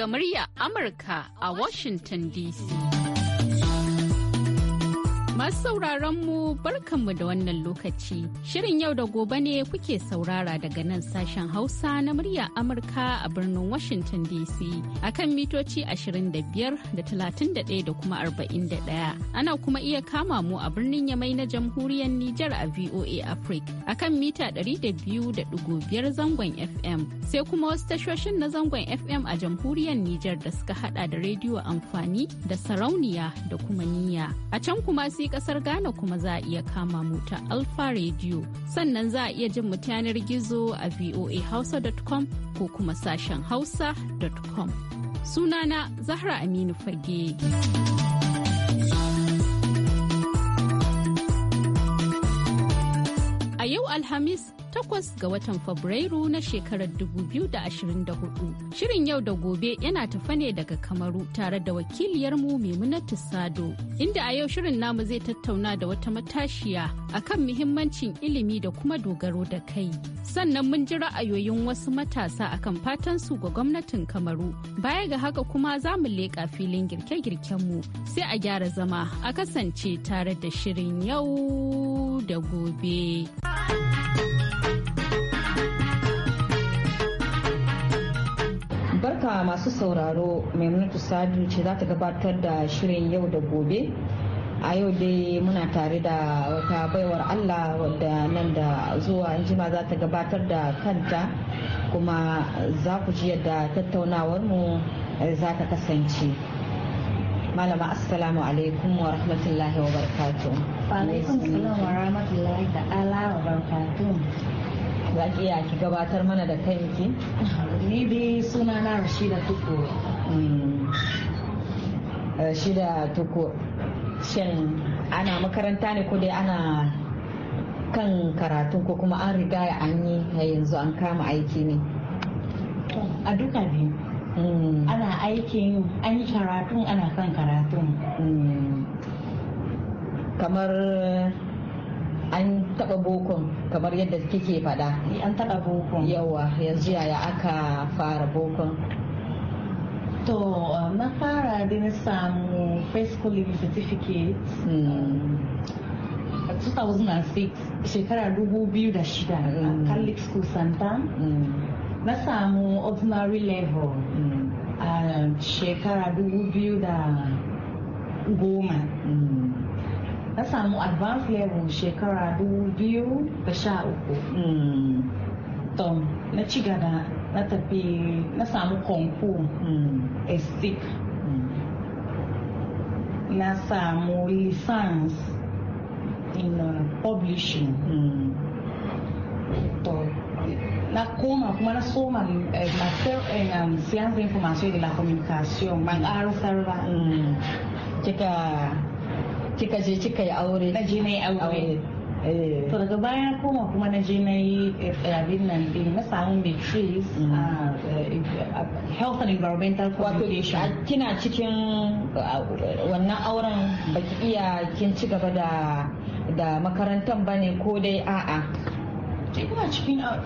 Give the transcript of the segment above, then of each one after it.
daga murya Amurka a Washington DC. Masu sauraron mu barkanmu da wannan lokaci. Shirin yau da gobe ne kuke saurara daga nan sashen Hausa na murya Amurka a birnin Washington DC akan mitoci 25 da 31 da kuma 41. Ana kuma iya kama mu a birnin Yamai na jamhuriyar Nijar a VOA Africa akan mita 200.5 zangon FM. Sai kuma wasu tashoshin na zangon FM a jamhuriyar Nijar da suka hada da rediyo amfani da sarauniya da kuma niyya. A can kuma sai kasar Ghana kuma za a iya kama mu ta Alfa Radio. Sannan za a iya jin mu yanar gizo a voahausa.com ko kuma sashen hausa.com. Sunana Zahra Aminu Fage. A yau Alhamis takwas ga watan Fabrairu na shekarar 2024. Shirin yau da gobe yana tafa ne daga Kamaru tare da wakiliyarmu Maimunatu Sado, inda a yau shirin namu zai tattauna da wata matashiya akan muhimmancin ilimi da kuma dogaro da kai. Sannan mun ji ra'ayoyin wasu matasa akan fatan su ga gwamnatin Kamaru. Baya ga haka kuma za mu leƙa filin girke-girkenmu sai a gyara zama a kasance tare da shirin yau da gobe. barka masu sauraro maimunatu sadu ce za ta gabatar da shirin yau da gobe a yau dai muna tare da wata baiwar allah wadda nan da zuwa jima za ta gabatar da kanta kuma za ku ji yadda tattaunawarmu eh, za ta kasance malama assalamu alaikum wa rahmatullahi wa barakatuh wa alaikum wa rahmatullahi ta'ala wa za ki iya ki gabatar mana da kanki ni dai suna na rashida tuko mm. rashida tuko shin ana makaranta ne ko dai ana kan karatun ko kuma an riga an yi yanzu an kama aiki ne a duka biyu mm. ana aikin an yi karatun ana kan karatun mm. kamar an taba bokon kamar yadda kike fada eh, an taba bokon yawa yanzu yaya aka fara bokon to eh, na fara da na samu first college certificate 2006 hmm. shekara 2006 a hmm. catholic school santa hmm. na samu ordinary level a shekara 2010 na samu advance level shekara 2013 hmm. tom na ci gaba na tafi na samu konko a hmm. hmm. na samu license in uh, publishing na koma kuma na soma eh, master en eh, um, science information de la communication man aro sarba kika kika je kika yi aure na je na yi aure eh. to daga baya koma kuma na je na yi eh, abin nan din na samu matrix mm. ah, eh, health and environmental communication wato kina cikin ah, wannan auren baki iya kin ci gaba da da makarantar bane ko dai a'a ina cikin ah,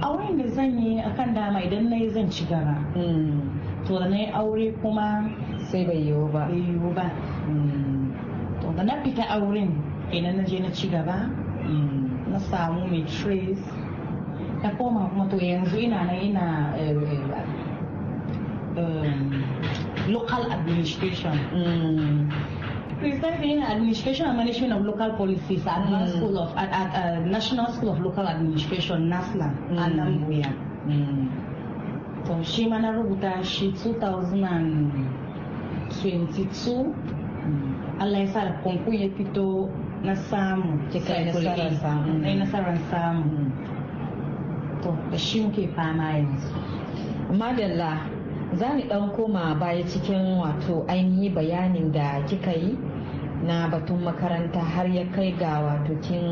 auren da zan yi akan dama idan na yi zan ci gaba mm. to na yi aure kuma sai bai yiwu ba bai yiwu ba mm. da na fita auren idan na je na ci gaba mm. na samu mai trace na koma kuma to yanzu ina na ina eh, eh, um, local administration mm. Precisely in administration and management of local policies at mm. school of at, at uh, National School of Local Administration NASLA mm. a Nambuya. Mm. To shi ma na rubuta shi 2022 Allah ya sa kunku ya fito na samu kika nasarar samu to da shi muke fama yanzu madalla za ni dan koma baya cikin wato ainihi bayanin da kika yi na batun makaranta har ya kai ga wato kin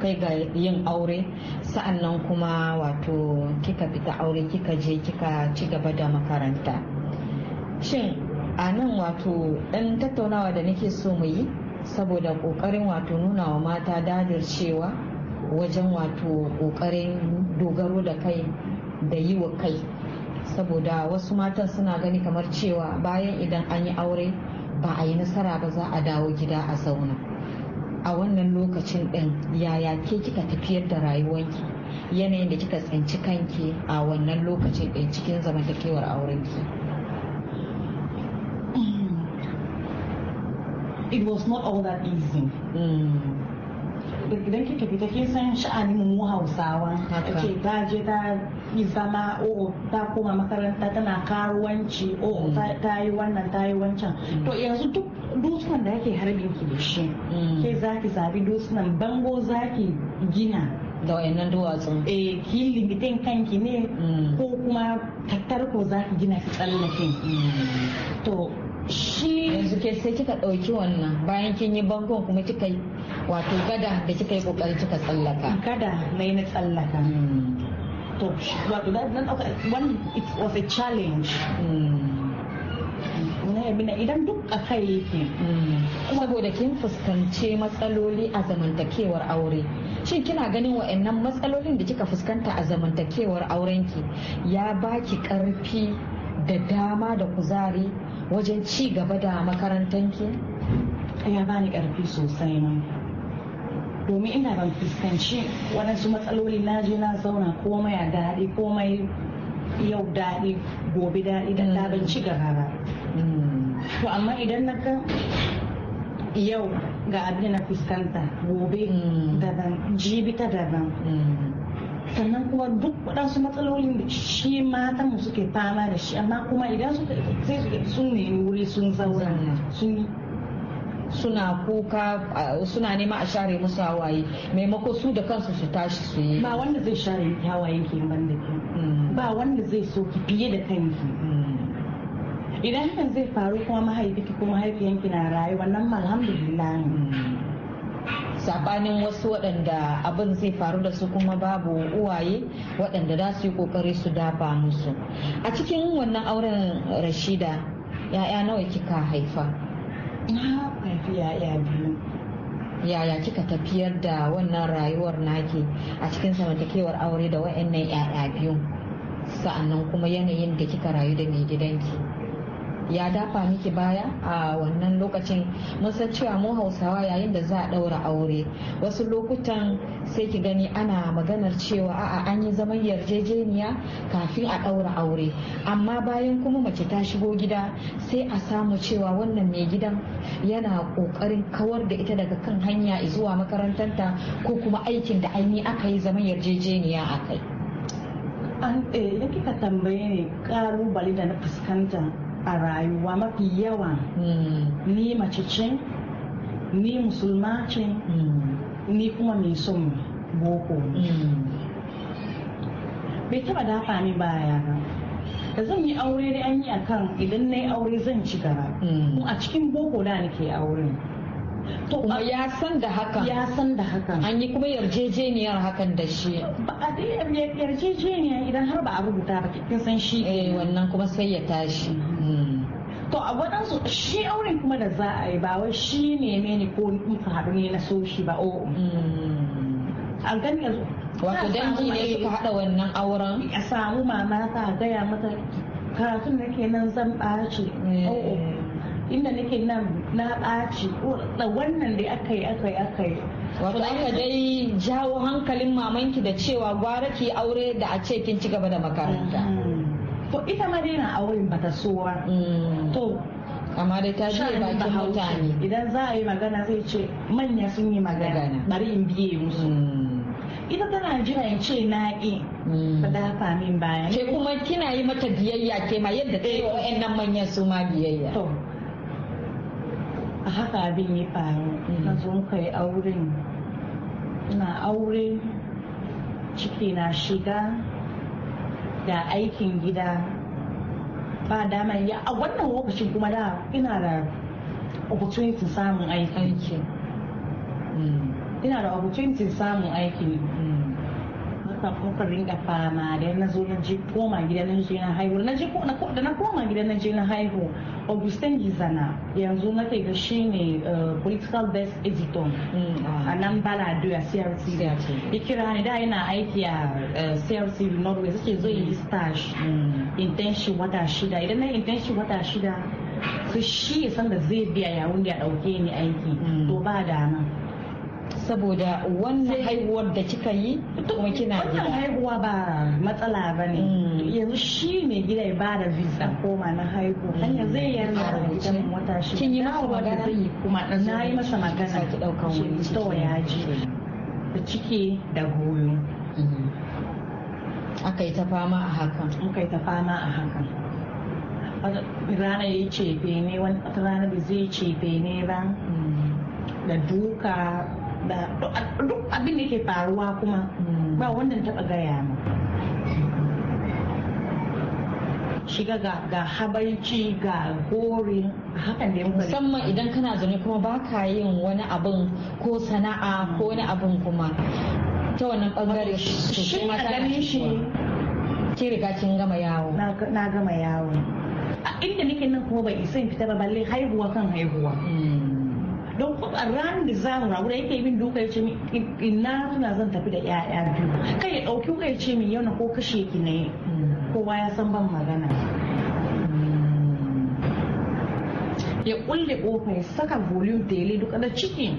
kai ga yin aure sa'annan kuma wato kika fita aure kika je kika ci gaba da makaranta shin a nan wato ɗan tattaunawa da nake so mu yi saboda ƙoƙarin wato nuna wa mata cewa wajen wato ƙoƙarin dogaro da kai da yi wa kai saboda wasu matan suna gani kamar cewa bayan idan an yi aure ba a yi nasara ba za a dawo gida a zauna a wannan lokacin ɗin yaya ke kika tafiyar da rayuwanki yanayin da kika tsinci kanki a wannan lokacin ɗin cikin zamantakewar aurenki it was not all that easy idan kika fita kin san sha'anin mu hausawa ake ta je ta yi zama o ta koma makaranta tana karuwanci o ta mm. yi wannan ta yi wancan mm. to yanzu duk dutsunan da ake harbin ki da shi ke zaki zabi dutsunan bango zaki gina da wayannan duwatsun eh ki limitin kanki ne mm. ko kuma tattarko zaki gina ki tsallake to shi yanzu ke sai kika ɗauki wannan bayan kin yi bangon kuma kika yi wato gada da kika yi kokari kika tsallaka gada mai na tsallaka hmm. to wato nan one it was a challenge hmm. idan duk a kai yake hmm. saboda kin fuskanci matsaloli a zamantakewar aure shin kina ganin wa'annan matsalolin da kika fuskanta a zamantakewar aurenki ya baki karfi da dama da kuzari wajen ci gaba da makarantanki? ya bani karfi sosai ma domin ina ban fuskanci waɗansu matsaloli na je na zauna komai a daɗi komai yau daɗi gobe daɗi da laban ci gaba ba mm. to amma idan na ga yau ga abin na fuskanta gobe mm. daban ta daban mm. sannan kuma duk waɗansu matsalolin da shi matan suke fama da shi amma kuma idan suka sai su sun nemi wuri sun zauna sun suna kuka suna nema a share musu hawaye maimako su da kansu su tashi su yi ba wanda zai share miki hawaye ke ban da ke ba wanda zai so ki fiye da kanki mm. idan hakan zai faru kuma mahaifiki ko mahaifiyanki na rayuwa nan alhamdulillah sabanin wasu waɗanda abin zai faru da su kuma babu uwaye waɗanda za su yi kokari su dafa musu a cikin wannan auren rashida ya'ya nawa kika haifa na haifi ya'ya biyu yaya kika tafiyar da wannan rayuwar naki a cikin samantakewar aure da wa'annan ya'ya biyu sa'annan kuma yanayin da kika rayu da mai gidanki ya dafa miki baya a wannan lokacin mun san cewa mu hausawa yayin da za a ɗaura aure wasu lokutan sai ki gani ana maganar cewa a'a an yi zaman yarjejeniya kafin a ɗaura aure amma bayan kuma mace ta shigo gida sai a samu cewa wannan mai gidan yana kokarin kawar da ita daga kan hanya zuwa makarantanta ko kuma aikin da aini aka yi zaman yarjejeniya a kai. an eh, kika tambaye ne ƙalubale da na fuskanta a rayuwa mafi yawa, hmm. ni mace ce ni musulma hmm. ni kuma mai son boko hmm. bai taba dafa ni baya ba da zan yi aure da an yi akan idan na yi aure zan ci gaba a cikin boko da nake aure. to kuma ya san da hakan ya san da hakan an yi kuma yarjejeniyar hakan da shi ba a dai yarjejeniya idan har ba a rubuta ba kin san shi eh wannan kuma sai ya tashi mm-hmm. mm. to a waɗansu shi auren kuma da za a yi ba wai shi ne ne ko ka haɗu ne na so shi ba o oh. mm. a gani yanzu wato dangi ne suka haɗa wannan auren a samu mama ta gaya mata karatun da ke nan zan ɓaci eh. oh. inda nake nan na ɓaci da wannan da aka yi aka yi aka yi wato aka dai jawo hankalin mamanki da cewa gwara ki aure da a ce kin ci gaba da makaranta mm. to ita ma dai na auren bata sowa mm. to amma dai ta ba bakin mutane idan za a yi magana zai ce manya sun yi magana bari in biye musu mm. ita tana jira in ce na ƙi ta hafa min baya ke kuma kina yi mata biyayya ke ma yadda ta yi wa eh. nan manyan su ma biyayya a haka abin ya faru mm. na zo ka yi auren na aure ciki na shiga da aikin gida ba dama ya a wannan lokaci kuma da ina da opportunity samun aikin mm. ina da opportunity samun aikin mm. kan muka rinka fama da na zo na je koma gida na je na haihu na je da na koma gida na je na haihu augustin gizana yanzu na kai ga shi ne eh, political best editor hmm, a ah. nan balado a ah, crc ya kira ni da yana aiki a crc norway suke zo yi stash hmm. intention wata shida idan na intention wata shida su shi ya san da zai biya yawon da ya dauke ni aiki to ba da nan saboda wannan haihuwar da kika yi kuma kina gida wannan haihuwa ba matsala ba ne mm. yanzu shi ne gida ya ba da visa koma na haihu mm. hanya zai yana da wajen wata shi kin yi masa magana kuma dan na yi masa magana ki ɗaukan wani ciki ya ji da ciki da goyo mm. aka yi ta fama a hakan aka yi ta fama a hakan rana ya ce bene wani rana bai zai ce bene ba da duka duk abin da ke faruwa kuma hmm. ba wannan taba gaya ma. shiga ga ga habaici ga gori hakan da musamman idan kana zaune kuma ba ka yin wani abin ko sana'a ko wani abin kuma ta wannan bangare shi ma ganin shi ki riga kin gama yawo na gama yawo a inda nake nan kuma bai isa in fita ba balle haihuwa kan haihuwa hmm. don ranar da za mu rabu da yake min duka ya ce ina tuna zan tafi da 'ya'ya biyu kai ya ɗauki kai ya ce min yau na ko kashe ki ne kowa ya san ban magana ya kulle kofa ya saka volume tele duka da ciki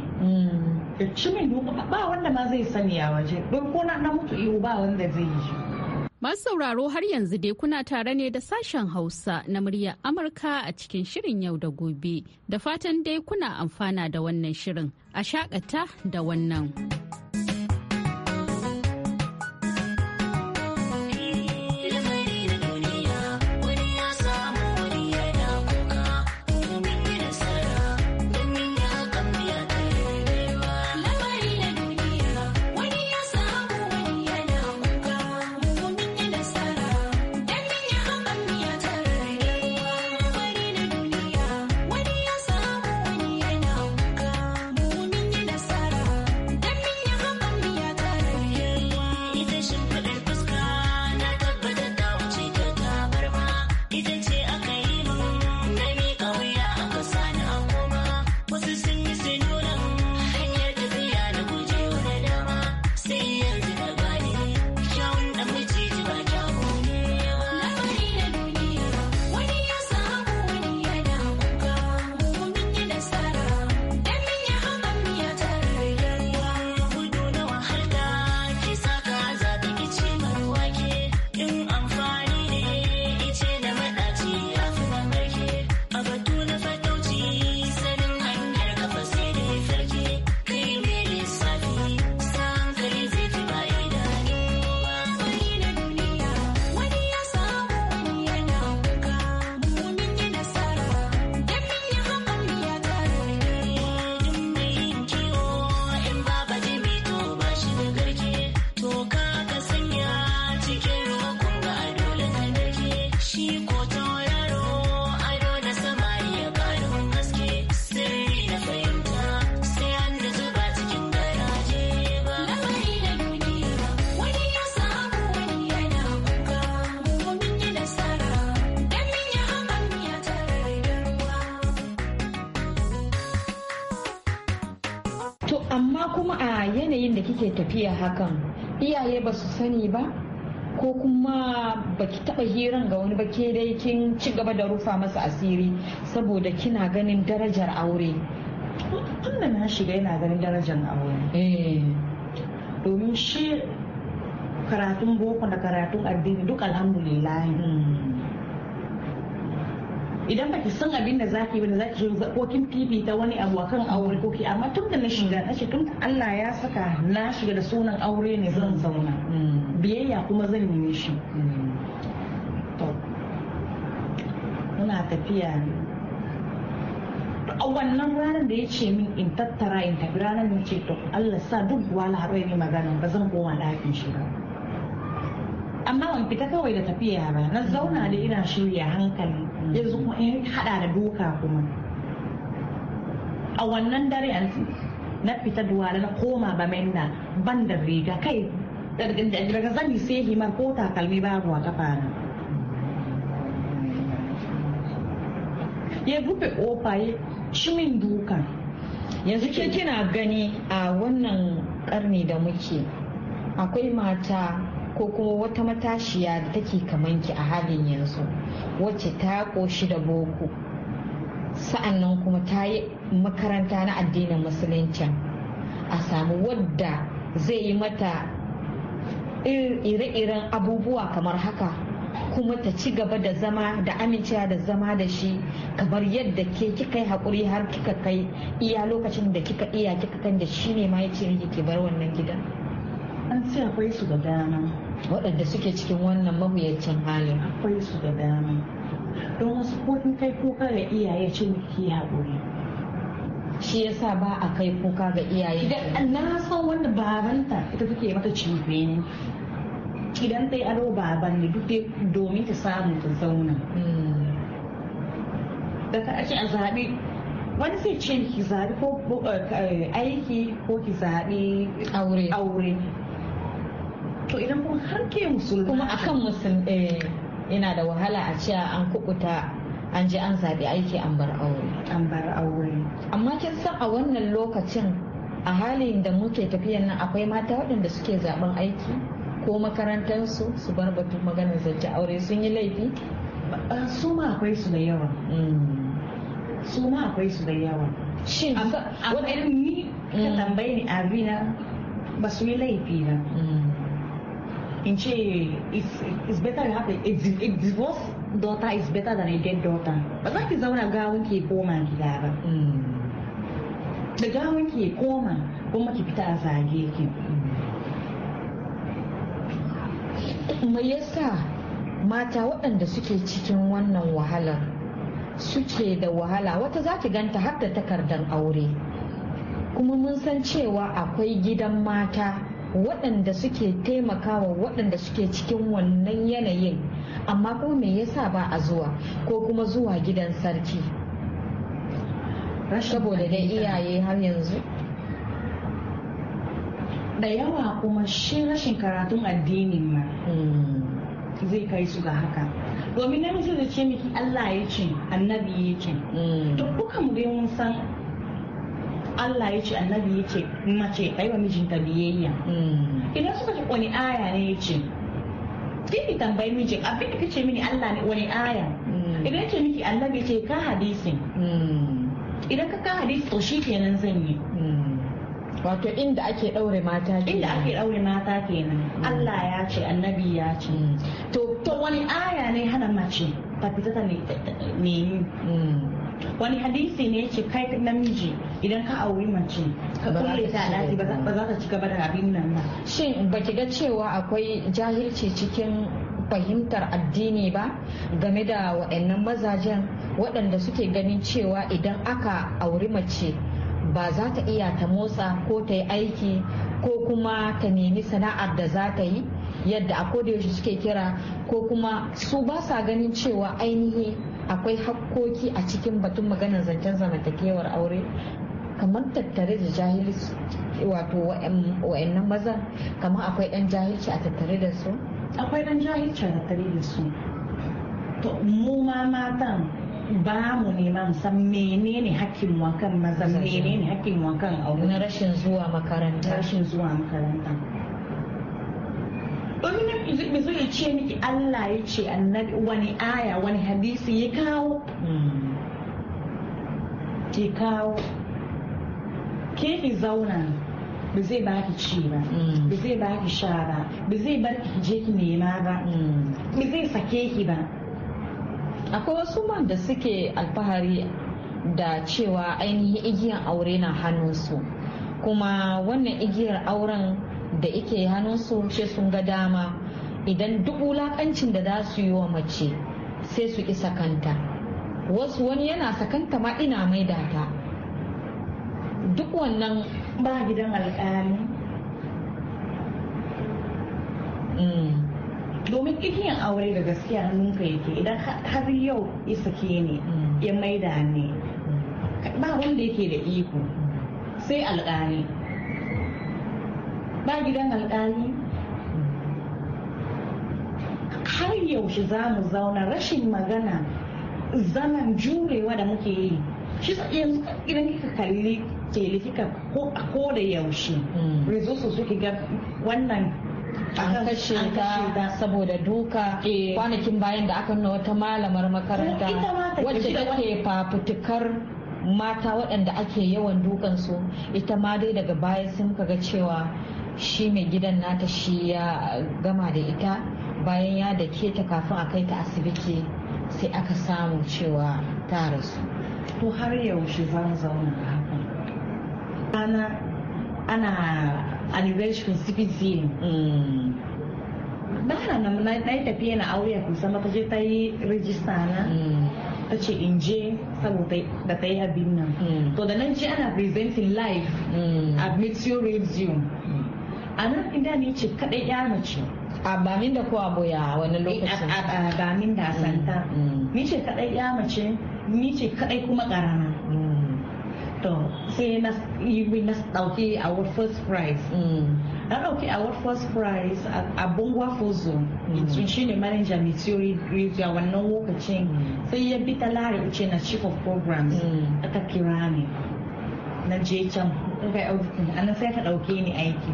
ya ci min duka ba wanda ma zai sani a waje don ko na mutu iyo ba wanda zai yi Masu sauraro har yanzu dai kuna tare ne da sashen Hausa na muryar Amurka a cikin shirin yau da gobe. Da fatan dai kuna amfana da wannan shirin. A shakata da wannan. su sani ba ko kuma baki taba hiran ga wani baki ke dai kin ci gaba da rufa masa asiri saboda kina ganin darajar aure tun da na shiga yana ganin darajar aure eh. domin shi karatun boko da karatun addini duk alhamdulillah hmm. idan baki san abin da zaki ba da zaki zo ko kin fifita wani abu akan aure ko ki amma tun da na shiga na ce tun Allah ya saka na shiga da sunan aure ne zan zauna mm. biyayya kuma zan yi shi mm. muna tafiya a wannan ranar da ya ce min in tattara in tafi ranar ne ce to Allah sa duk wala haɗu ne magana ba zan koma ɗakin shi ba amma ban fita kawai da tafiya ba na zauna da ina shirya hankali yanzu kuma in hada da doka kuma a wannan dare an na fita duwala na koma ba na ban da riga kai daga zani sai himar ko takalmi babu a kafa na ya rufe kofa ya cimin duka yanzu ke kina gani a wannan karni da muke akwai mata ko kuma wata matashiya da take kamanki a halin yanzu wacce ta koshi da boko sa'annan kuma ta yi makaranta na addinin musuluncin a samu wadda zai yi mata ire-iren abubuwa kamar haka kuma ta ci gaba da zama da amincewa da zama da shi kamar yadda ke kika yi haƙuri har kika kai iya lokacin da kika iya kika kan da shi ne ma ya ce ki bar wannan gidan. an ce akwai su da dama waɗanda suke cikin wannan mahuyacin halin akwai su da dama don wasu ko in kai kuka ga iyaye ce ki haƙuri shi yasa ba a kai kuka ga iyaye idan na san wanda babanta ita take mata cin ne idan ta yi aro baban ne duk domin ta samu ta zauna hmm. daga ake a zaɓi wani sai ce ki zaɓi ko eh, aiki ko ki zaɓi aure to idan kuma har ke musulmi kuma akan musulmi yana eh, da wahala a cewa an kukuta an je an zaɓi aiki an bar aure an bar aure amma kin san a wannan lokacin a halin da muke tafiyan nan akwai mata waɗanda suke zaɓen aiki ko makarantarsu su bar batun maganar zance aure sun yi laifi eh, su ma akwai su da yawa hmm. su ma akwai su da yawa shin amma ni ka hmm. tambayi ni abina ba su yi laifi na hmm. in ce it's better you have a divorce daughter is better than a dead daughter ba za ki zauna gawun ke koma gida ba da gawun ke koma kuma ki fita a zage ki hmm. hmm. me yasa mata waɗanda suke cikin wannan wahalar suke da wahala wata za ki ganta har da takardar aure kuma mun san cewa akwai gidan mata waɗanda suke taimakawa waɗanda suke cikin wannan yanayin amma kuma me yasa ba a zuwa ko kuma zuwa gidan sarki saboda dai iyaye har yanzu da yawa kuma shi rashin karatun addinin ma hmm. zai kai su ga haka domin namiji da ce miki Allah ya ce annabi ya ce hmm. dukkan mu dai mun san Allah ya ce annabi ya ce mace kai wa mijinta biyayya hmm. idan suka ce wani aya ne ya ce ki tambayi mijin abin da kace mini Allah ne wani aya hmm. idan ya ce miki annabi ce ka hadisin hmm. idan ka ka hadisi to shi kenan zan yi wato inda ake ɗaure mata kenan inda ake ɗaure mata kenan Allah ya ce annabi ya ce to to wani aya ne hana mace ta fita ta nemi wani hadisi ne yake kai namiji idan ka auri mace ka kulle ta daji ba za ta ci gaba da abin nan ba shin baki ga cewa akwai jahilci cikin fahimtar addini ba game da waɗannan mazajen waɗanda suke ganin cewa idan aka auri mace ba za ta iya ta motsa ko ta yi aiki ko kuma ta nemi sana'ar da za ta yi yadda a yaushe suke kira ko kuma su ba sa ganin cewa ainihi akwai hakkoki a cikin batun maganar zancen zamantakewar aure kamar tattare da jahilci wato wa'annan mazan kamar akwai ɗan jahilci a tattare da su akwai ɗan jahilci a tattare da su to mu ma matan ba mu nema san menene hakkin wakan maza menene hakkin wakan aure na rashin zuwa makaranta rashin zuwa makaranta mai so ya ce miki Allah ya ce annabi wani aya wani hadisi ya kawo hmm. ki kawo ke ki zauna ba zai ba ki ci ba hmm. ba zai ba ki sha ba ba zai bar ki je ki nema ba hmm. ba zai sake ki ba akwai wasu man da suke alfahari da cewa ainihin igiyar aure na hannunsu kuma wannan igiyar auren da ike hannunsu ce sun ga dama idan duk wulakancin da za su yi wa mace sai su isa kanta wasu wani yana sakanta ma ina maida ta duk wannan ba gidan alƙali mm. domin igiyan aure da gaskiya hannunka yake idan har yau isa ke ne mm. ya maida ne mm. ba wanda yake da iko sai alƙali ba gidan alƙali har yaushe za mu zauna rashin magana zaman jurewa da muke yi shi yanzu idan kika kalli tele kika ko da yaushe hmm. resources suke ga wannan an kashe ta saboda duka eh. kwanakin bayan da aka nuna wata malamar makaranta wacce take fafutukar mata waɗanda ake yawan dukan su ita ma dai daga baya sun ga cewa shi mai gidan nata shi ya gama da ita bayan ya dake ta kafin a kai ta asibiti sai aka samu cewa ta rasu to har yaushe zan zauna da hakan ana ana anniversary cpc ba na na yi tafiya na aure kusa mata je ta yi rijista na mm. ta ce in je saboda da ta yi abin nan mm. to da nan je ana presenting live a meteor radio a nan inda ne ce kaɗai ya mace abamin da ko boya wani eh, lokacin abamin da santa mm, mm. ni ce kadai ya mace ni ce kadai kuma karana mm. to sai na yi na dauki our first prize na dauki our first prize a bongwa fuzo tun shi ne manager mai theory grade a wannan lokacin sai ya bi ta lari uce na chief of programs aka kira ne na je can kai auditing anan sai ta dauke ni aiki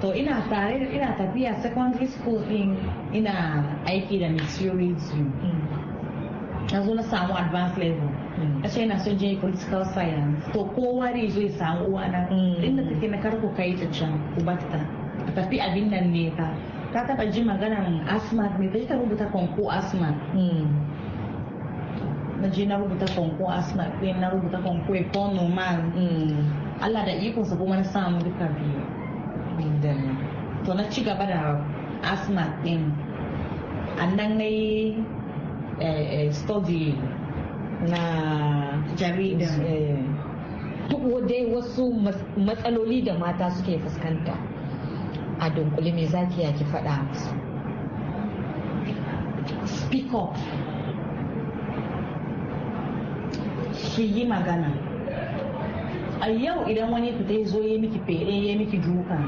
So to ina tare da ina tafiya secondary school thing, in din ina aiki da missouri mm. na zo na some advanced level mm. a ce na son political science to kowa ne zai samu uwana mm. inda take na karko kai ta can ubatta a Tapi abin nan ne ka ta taba ji maganan asma me ta rubuta konko asma na je na rubuta konko asma ɗin na rubuta konko economan Allah da ikonsa kuma na samu duka biyu abin da to na ci gaba da asma din annan na eh, yi eh, study na jarida duk eh, dai wasu matsaloli da mata suke fuskanta a dunkule me zaki ya ki faɗa musu speak up ki yi magana a yau idan wani fita zo ya miki fere ya miki duka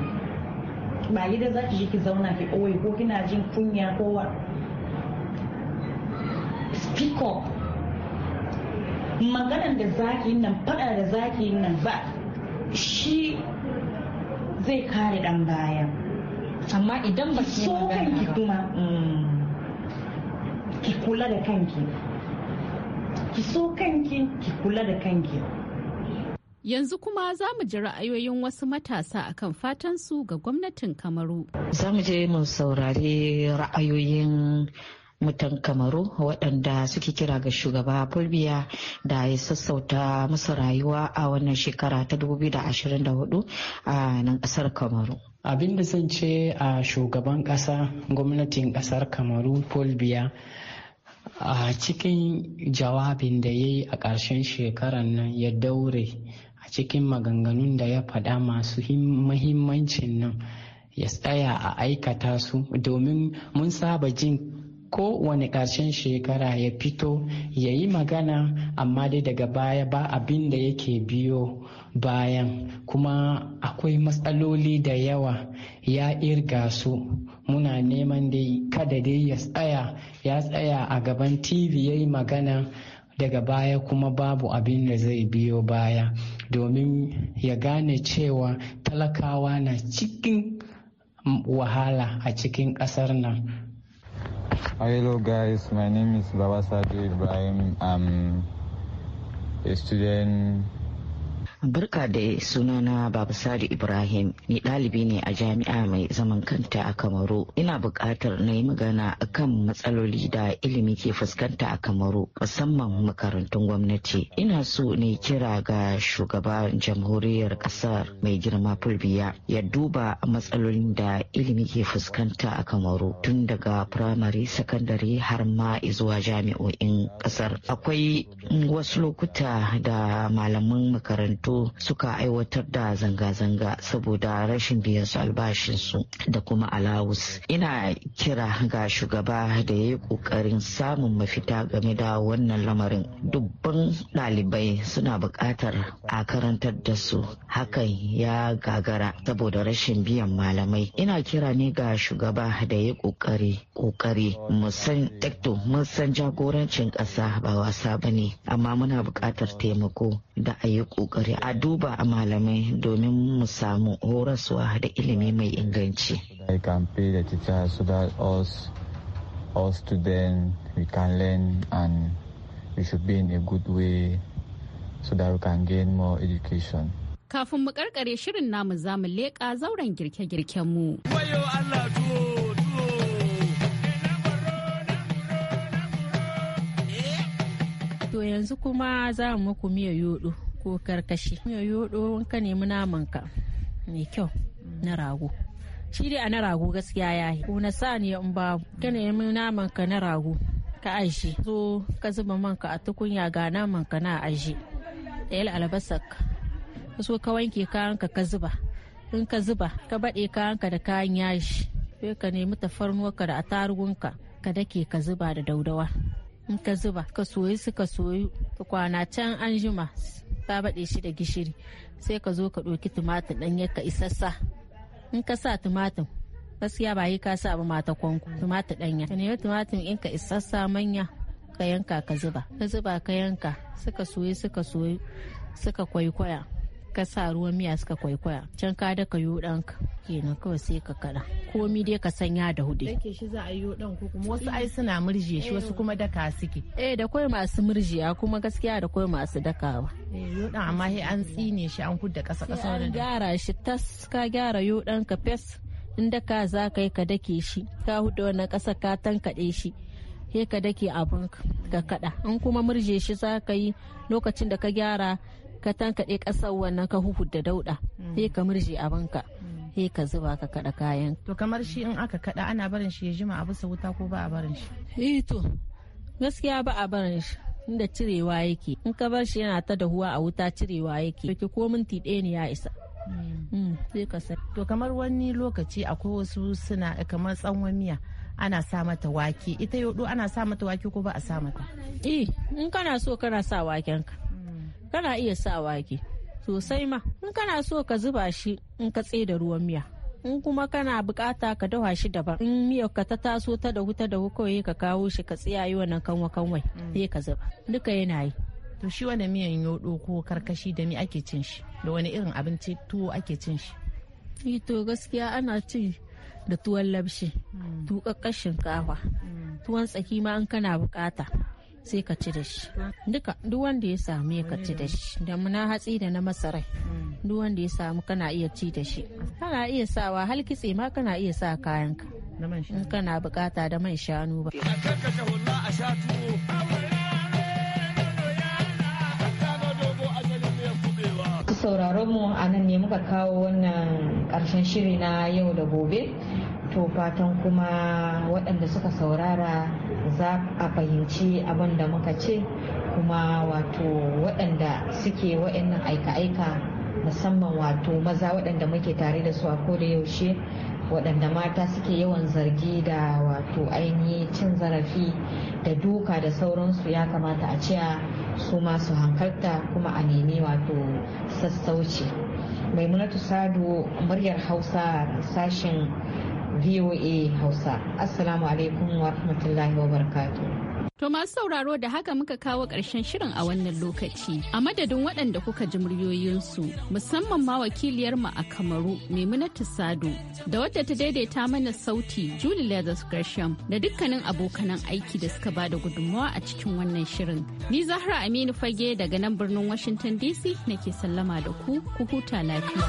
ba da za ki je ki zauna ki ɓoye ko kina jin kunya ko wa speak up maganan da yi nan faɗa da za ki yi nan ba shi zai kare ɗan bayan amma idan ba so kanki kuma mm, ki kula da kanki ki so kanki ki kula da kanki Yanzu kuma za mu ji ra'ayoyin wasu matasa akan fatansu ga gwamnatin Kamaru. Za mu je mu saurari ra'ayoyin mutan kamaru waɗanda suke kira ga shugaba fulbiya da ya sassauta musu rayuwa a wannan shekara ta 2024 a nan ƙasar kamaru abin da zan ce a shugaban ƙasa gwamnatin ƙasar kamaru fulbiya a cikin jawabin da ya yi a ƙarshen shekarar nan ya daure cikin maganganun da ya faɗa masu mahimmancin nan ya tsaya a aikata su domin mun saba jin kowane ƙarshen shekara ya fito ya yi magana amma dai daga baya ba abin da yake biyo bayan kuma akwai matsaloli da yawa ya irga su muna neman dai kada dai ya tsaya ya tsaya a gaban tv ya yi magana daga baya kuma babu abin da zai biyo baya domin ya gane cewa talakawa na cikin wahala a cikin ƙasar nan. Hello guys, my name is Baba Ibrahim. I'm a student Barka da sunana Sadi Ibrahim, ni ɗalibi ne a jami'a mai zaman kanta a Kamaru. Ina buƙatar na yi magana kan matsaloli da ilimi ke fuskanta a Kamaru, musamman makarantun gwamnati. Ina so ne kira ga shugaban jamhuriyar ƙasar mai girma Fulbiya ya duba matsalolin da ilimi ke fuskanta a Kamaru tun daga firamare, sakandare har ma izuwa jami'o'in ƙasar. Akwai wasu lokuta da malaman makarantu wato suka aiwatar da zanga-zanga saboda rashin biyan su albashinsu da kuma alawus ina kira ga shugaba da ya yi ƙoƙarin samun mafita game da wannan lamarin dubban ɗalibai suna buƙatar a karantar da su hakan ya gagara saboda rashin biyan malamai ina kira ne ga shugaba da ya ƙoƙari ƙoƙari musan mun san jagorancin ƙasa ba wasa ba ne amma muna buƙatar taimako da a yi ƙoƙari a duba a malamai domin mu samu horaswa da ilimi mai inganci. us students we can learn and we should be in a good way so that we can gain more education. Kafin mu karkare shirin namu za mu leƙa zauren girke-girken mu. To yanzu kuma za mu muku miya yodo. ko karkashi yodo wanka nemi naman ka mai kyau na rago shi dai a na rago gaskiya ya yi ko na saniya in ba ka nemi naman ka na rago ka aji so ka zuba manka a tukunya ga naman ka na aji ɗayar albasar ka ka wanke kayanka ka zuba in ka zuba ka baɗe kayanka da kayan yashi sai ka nemi tafarnuwarka da atarugunka ka dake ka zuba da daudawa in ka zuba ka soyi suka soyu kwana can an jima ka baɗe shi da gishiri sai ka zo ka ɗauki tumatir ɗanye ka isassa in ka sa tumatir gaskiya ba yi ka sa ba mata kwanku tumatir ɗan ka nemi tumatir in ka isassa manya ka yanka ka zuba ka zuba ka yanka suka soyi suka soyi suka kwaikwaya ka sa ruwan miya suka kwaikwaya can ka daka yi ɗanka kenan kawai sai ka kaɗa komi dai ka sanya da hudu dake shi za a yi dan ko kuma wasu ai suna murje shi wasu eh. kuma daka suke eh da koi masu murjiya kuma gaskiya da koi masu dakawa eh amma sai an tsine shi an kudda ƙasa. kasa wannan gyara shi tas ka gyara yodan ka fes in daka za ka yi ka dake shi ka hudu wannan ƙasa ka tankaɗe shi he ka dake abun ka kada in kuma murje shi za ka yi lokacin da ka gyara ka tankaɗe ƙasar wannan ka da dauɗa he ka murje abinka mm. sai ka zuba ka kada kayan to kamar shi in aka kada ana barin shi ya jima a bisa wuta ko ba a barin shi eh to gaskiya ba a barin shi inda cirewa yake in ka bar shi yana ta dahuwa a wuta cirewa yake ki ko minti ɗaya ne ya isa hmm. Hmm, sai ka sai to kamar wani lokaci akwai wasu suna eh, kamar tsawon miya ana sa mata wake ita yodo ana sa mata wake ko ba a sa mata eh in kana so kana sa waken ka hmm. kana iya sa wake sosai ma in kana so ka zuba shi in ka tsaye da ruwan miya in kuma kana bukata ka dawa shi daban in miyar ka ta taso ta da huta da kawai ka kawo shi ka tsiyaye wannan kanwa kanwai mm. sai ka zuba duka yana yi to shi wanda miyan yodo ko karkashi da mi ake cin shi da wani irin abinci tuwo ake cin shi eh to gaskiya ana ci da tuwon labshi mm. tuƙaƙƙar shinkafa mm. tuwon tsaki ma in kana bukata sai ka ci da shi duka duk wanda ya samu ya ci da shi da na hatsi da na masarai duk wanda ya samu kana iya ci da shi kana iya sawa hal kitse ma kana iya sa kayanka in kana bukata da man shanu ba sauraron mu a nan ne muka kawo wannan karshen shiri na yau da gobe to fatan kuma waɗanda suka saurara za a fahimci abin da muka ce kuma wato waɗanda suke waɗannan aika-aika musamman wato maza waɗanda muke tare da su a da yaushe waɗanda mata suke yawan zargi da wato ainihin cin zarafi da duka da sauransu ya kamata a ce su masu hankalta kuma a nemi wato sassauci maimunatu sadu muryar hausa sashen voa hausa assalamu alaikum wa rahmatullahi wa To masu sauraro da haka muka kawo ƙarshen shirin a wannan lokaci. A madadin waɗanda kuka ji muryoyinsu musamman ma wakiliyarmu a Kamaru Maimunatu Sado da wadda ta daidaita mana sauti Julie Leathers Gresham da dukkanin abokanan aiki da suka ba da gudunmawa a cikin wannan shirin. Ni Zahra Aminu Fage daga nan birnin Washington DC nake sallama da ku ku huta lafiya.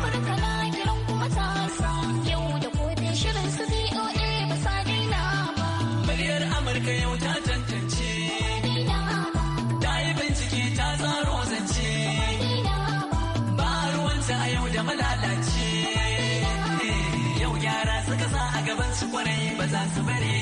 za su bare